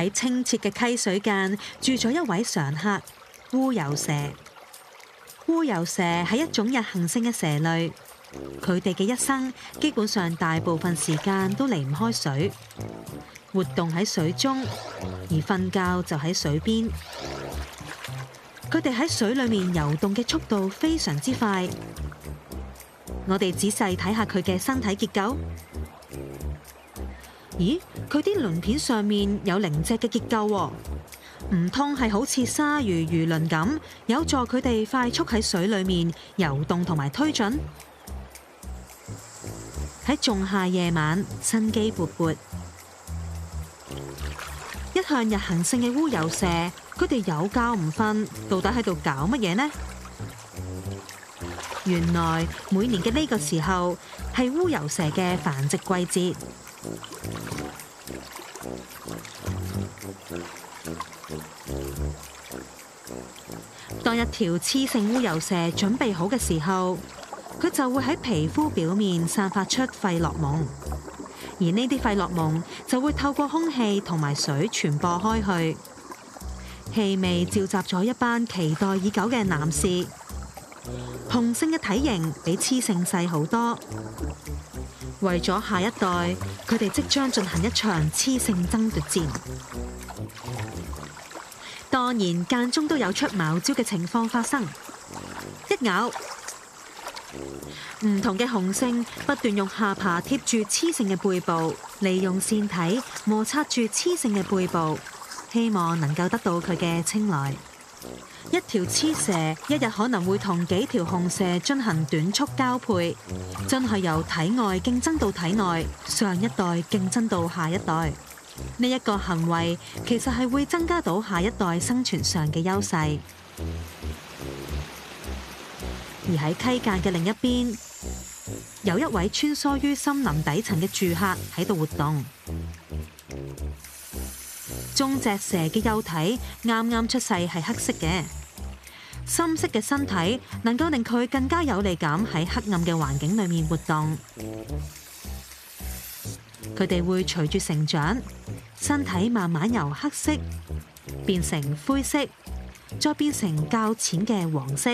喺清澈嘅溪水間住咗一位常客烏游蛇。烏游蛇係一種日行性嘅蛇類，佢哋嘅一生基本上大部分時間都離唔開水，活動喺水中，而瞓覺就喺水邊。佢哋喺水裏面游動嘅速度非常之快。我哋仔細睇下佢嘅身體結構。咦，佢啲鱗片上面有零只嘅結構，啊，唔通係好似鯊魚魚鱗咁，有助佢哋快速喺水裏面游動同埋推進。喺 仲夏夜晚，生機勃勃，一向日行性嘅烏游蛇，佢哋有覺唔瞓，到底喺度搞乜嘢呢？原來每年嘅呢個時候係烏游蛇嘅繁殖季節。當一條雌性烏油蛇準備好嘅時候，佢就會喺皮膚表面散發出費洛蒙，而呢啲費洛蒙就會透過空氣同埋水傳播開去，氣味召集咗一班期待已久嘅男士。雄性嘅體型比雌性細好多。為咗下一代，佢哋即將進行一場雌性爭奪戰。當然，間中都有出茅招嘅情況發生。一咬，唔同嘅雄性不斷用下巴貼住雌性嘅背部，利用腺體摩擦住雌性嘅背部，希望能夠得到佢嘅青睞。一條雌蛇一日可能會同幾條雄蛇進行短促交配，真係由體外競爭到體內，上一代競爭到下一代。呢、這、一個行為其實係會增加到下一代生存上嘅優勢。而喺溪澗嘅另一邊，有一位穿梭於森林底層嘅住客喺度活動。中脊蛇嘅幼體啱啱出世係黑色嘅，深色嘅身體能夠令佢更加有利咁喺黑暗嘅環境裏面活動。佢哋會隨住成長，身體慢慢由黑色變成灰色，再變成較淺嘅黃色。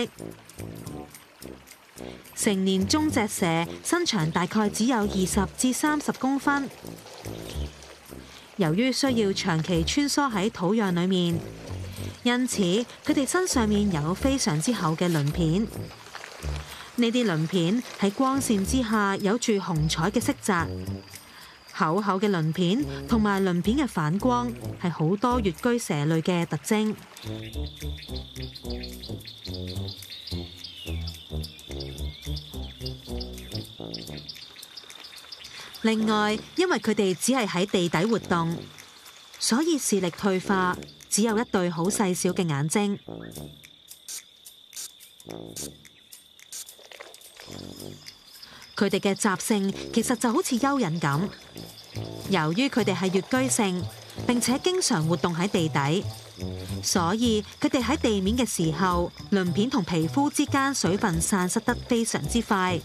成年中脊蛇身長大概只有二十至三十公分。由於需要長期穿梭喺土壤裡面，因此佢哋身上面有非常之厚嘅鱗片。呢啲鱗片喺光線之下有住虹彩嘅色澤，厚厚嘅鱗片同埋鱗片嘅反光係好多穴居蛇類嘅特徵。另外，因為佢哋只係喺地底活動，所以視力退化，只有一對好細小嘅眼睛。佢哋嘅習性其實就好似蚯蚓咁。由於佢哋係穴居性，並且經常活動喺地底，所以佢哋喺地面嘅時候，鱗片同皮膚之間水分散失得非常之快。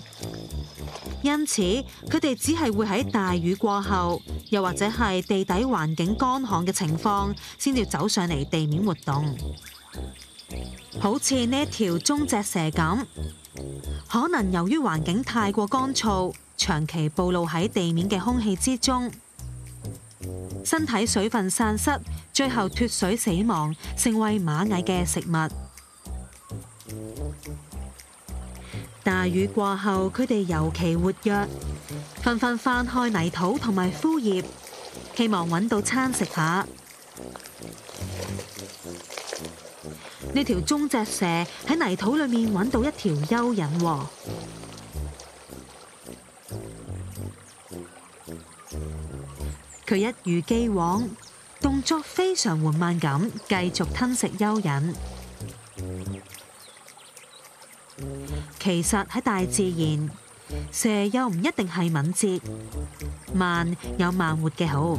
因此，佢哋只係會喺大雨過後，又或者係地底環境乾旱嘅情況，先至走上嚟地面活動。好似呢條中脊蛇咁，可能由於環境太過乾燥，長期暴露喺地面嘅空氣之中，身體水分散失，最後脫水死亡，成為螞蟻嘅食物。大雨過後，佢哋尤其活躍，紛紛翻開泥土同埋枯葉，希望揾到餐食下。呢條中脊蛇喺泥土裏面揾到一條蚯蚓，佢一如既往，動作非常緩慢咁，繼續吞食蚯蚓。其實喺大自然，蛇又唔一定係敏捷，慢有慢活嘅好。